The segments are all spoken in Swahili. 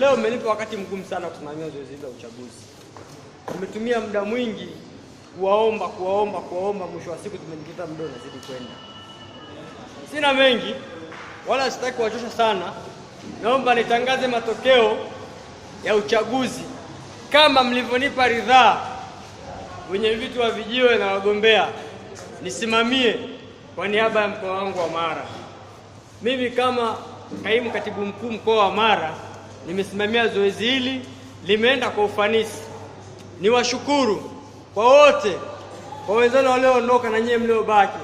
Leo mmenipa wakati mgumu sana kusimamia zoezi hili la uchaguzi. Tumetumia muda mwingi kuwaomba, kuwaomba, kuwaomba, mwisho wa siku tumejikuta muda unazidi kwenda. Sina mengi wala sitaki kuwachosha sana, naomba nitangaze matokeo ya uchaguzi kama mlivyonipa ridhaa wenye vitu wa vijiwe na wagombea nisimamie kwa niaba ya mkoa wangu wa Mara. Mimi kama kaimu katibu mkuu mkoa wa Mara nimesimamia zoezi hili, limeenda kwa ufanisi. Niwashukuru kwa wote, kwa wenzao walioondoka na nyie mliobaki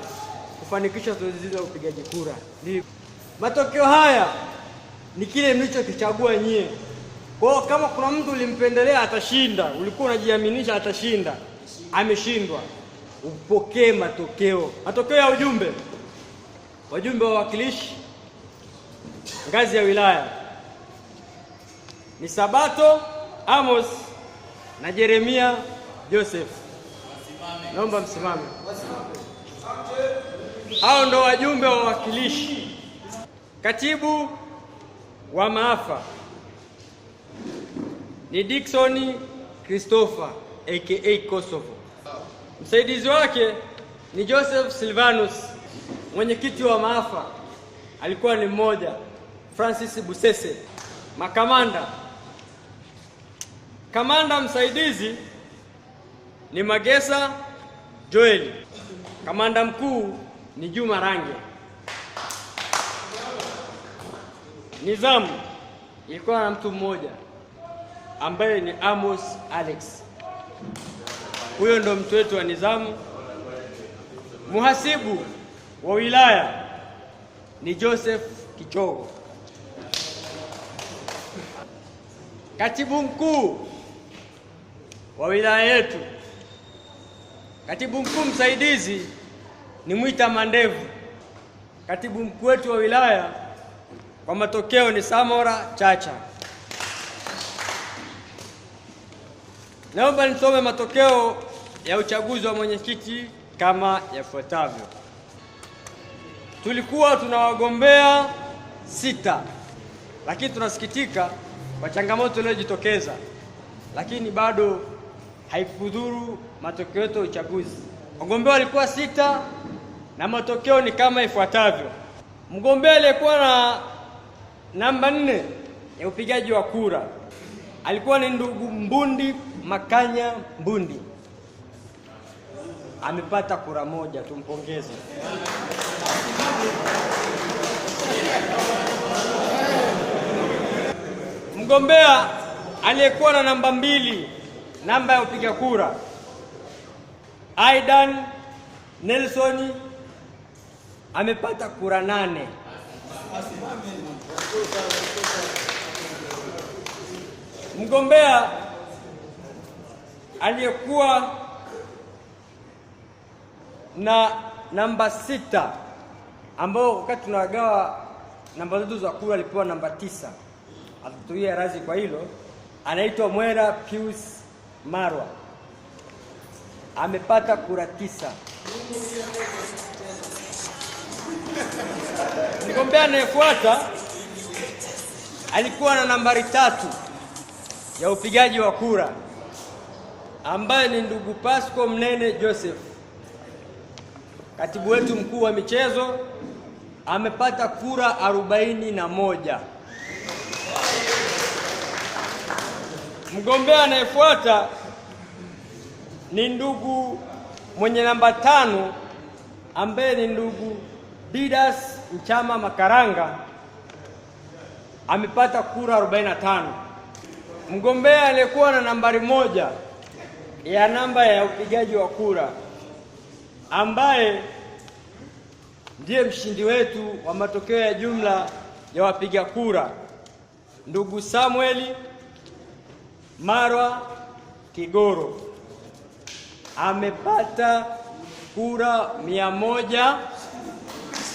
kufanikisha zoezi hili la upigaji kura. Matokeo haya ni kile mlichokichagua nyie. Kwa hiyo kama kuna mtu ulimpendelea atashinda, ulikuwa unajiaminisha atashinda, ameshindwa. Upokee matokeo, matokeo ya ujumbe, wajumbe wa wawakilishi ngazi ya wilaya ni Sabato Amos na Jeremia Joseph. Naomba msimame. Hao ndo wajumbe wa wawakilishi. Katibu wa maafa ni Dickson Christopher aka Kosovo. Msaidizi wake ni Joseph Silvanus. Mwenyekiti wa maafa alikuwa ni mmoja Francis Busese. Makamanda Kamanda msaidizi ni Magesa Joeli. Kamanda mkuu ni Juma Range. Nizamu ilikuwa na mtu mmoja ambaye ni Amos Alex. Huyo ndo mtu wetu wa nizamu. Muhasibu wa wilaya ni Joseph Kichogo. Katibu mkuu wa wilaya yetu, katibu mkuu msaidizi ni Mwita Mandevu, katibu mkuu wetu wa wilaya kwa matokeo ni Samora Chacha. Naomba nisome matokeo ya uchaguzi wa mwenyekiti kama yafuatavyo. Tulikuwa tuna wagombea sita, lakini tunasikitika kwa changamoto iliyojitokeza, lakini bado haikudhuru matokeo yote ya uchaguzi. Wagombea walikuwa sita na matokeo ni kama ifuatavyo: mgombea aliyekuwa na namba nne ya upigaji wa kura alikuwa ni ndugu Mbundi Makanya Mbundi, amepata kura moja, tumpongeze. Mgombea aliyekuwa na namba mbili namba ya kupiga kura Aidan Nelson amepata kura nane. Mgombea aliyekuwa na namba sita ambao wakati tunagawa namba zetu za kura alipewa namba tisa, atatuia razi kwa hilo, anaitwa Mwera Pius Marwa amepata kura tisa. Mgombea anayefuata alikuwa na nambari tatu ya upigaji wa kura ambaye ni ndugu Pasco Mnene Joseph, katibu wetu mkuu wa michezo amepata kura arobaini na moja. Mgombea anayefuata ni ndugu mwenye namba tano ambaye ni ndugu Didas Mchama Makaranga amepata kura 45. Mgombea aliyekuwa na nambari moja ya namba ya upigaji wa kura ambaye ndiye mshindi wetu wa matokeo ya jumla ya wapiga kura ndugu Samueli Marwa Kigoro amepata kura mia moja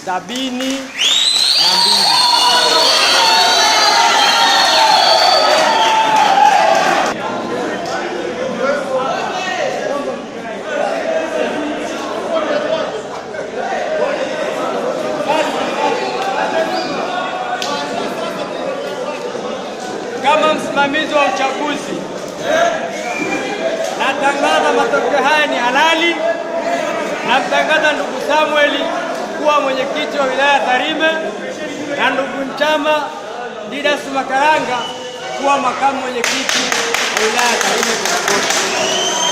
sabini na mbili. Kama msimamizi wa uchaguzi, natangaza matokeo haya ni halali. Namtangaza ndugu Samueli kuwa mwenyekiti wa wilaya Tarime na ndugu Nchama Didas Makaranga kuwa makamu mwenyekiti wa wilaya Tarime Kiragosi.